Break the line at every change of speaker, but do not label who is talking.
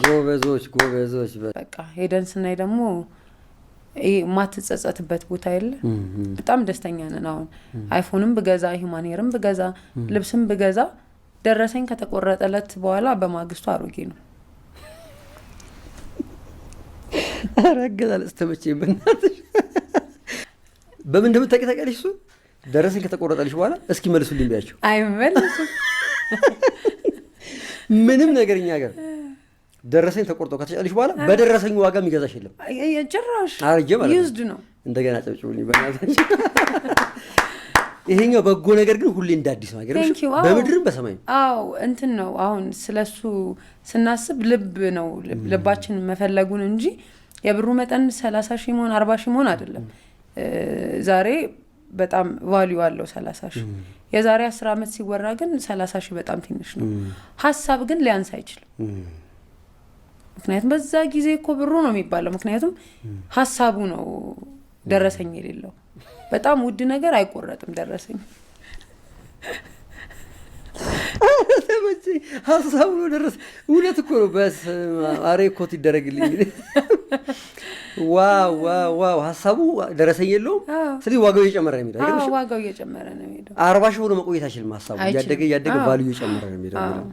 ጎበዞች ጎበዞች።
በቃ ሄደን ስናይ ደግሞ ማትጸጸትበት ቦታ የለ። በጣም ደስተኛ ነን። አሁን አይፎንም ብገዛ ሂማኔርም ብገዛ ልብስም ብገዛ ደረሰኝ ከተቆረጠለት በኋላ በማግስቱ አሮጌ ነው።
ረገዛ እገዛል ብናት በእናትሽ በምን እንደምታውቂ ታውቂያለሽ? እሱ ደረሰኝ ከተቆረጠልሽ በኋላ እስኪ መልሱልኝ ቢያቸው
አይመልሱም
ምንም ነገር እኛ ገር ደረሰኝ ተቆርጦ ከተጫነሽ በኋላ በደረሰኝ ዋጋ የሚገዛሽ የለም።
ጭራሽ ማለት ነው።
እንደገና ይሄኛው በጎ ነገር ግን ሁሌ እንደ አዲስ ነገር በምድርም በሰማይም።
አዎ እንትን ነው። አሁን ስለሱ ስናስብ ልብ ነው ልባችን መፈለጉን እንጂ የብሩ መጠን ሰላሳ ሺህ መሆን አርባ ሺህ መሆን አይደለም። ዛሬ በጣም ቫሊዩ አለው ሰላሳ ሺህ የዛሬ አስር ዓመት ሲወራ ግን ሰላሳ ሺህ በጣም ትንሽ ነው። ሀሳብ ግን ሊያንስ አይችልም። ምክንያቱም በዛ ጊዜ እኮ ብሩ ነው የሚባለው። ምክንያቱም ሀሳቡ ነው ደረሰኝ የሌለው በጣም ውድ ነገር አይቆረጥም ደረሰኝ
ሀሳቡ ነው ደረሰ እውነት እኮ ነው። በስ አሬ ኮት ይደረግልኝ። ዋዋዋው ሀሳቡ ደረሰኝ የለውም። ስለዚህ ዋጋው እየጨመረ ነው
የሚሄደው። ዋጋው እየጨመረ ነው የሚሄደው።
አርባ ሺህ ሆኖ መቆየት አይችልም። ሀሳቡ እያደገ እያደገ ቫልዩ እየጨመረ ነው የሚሄደው።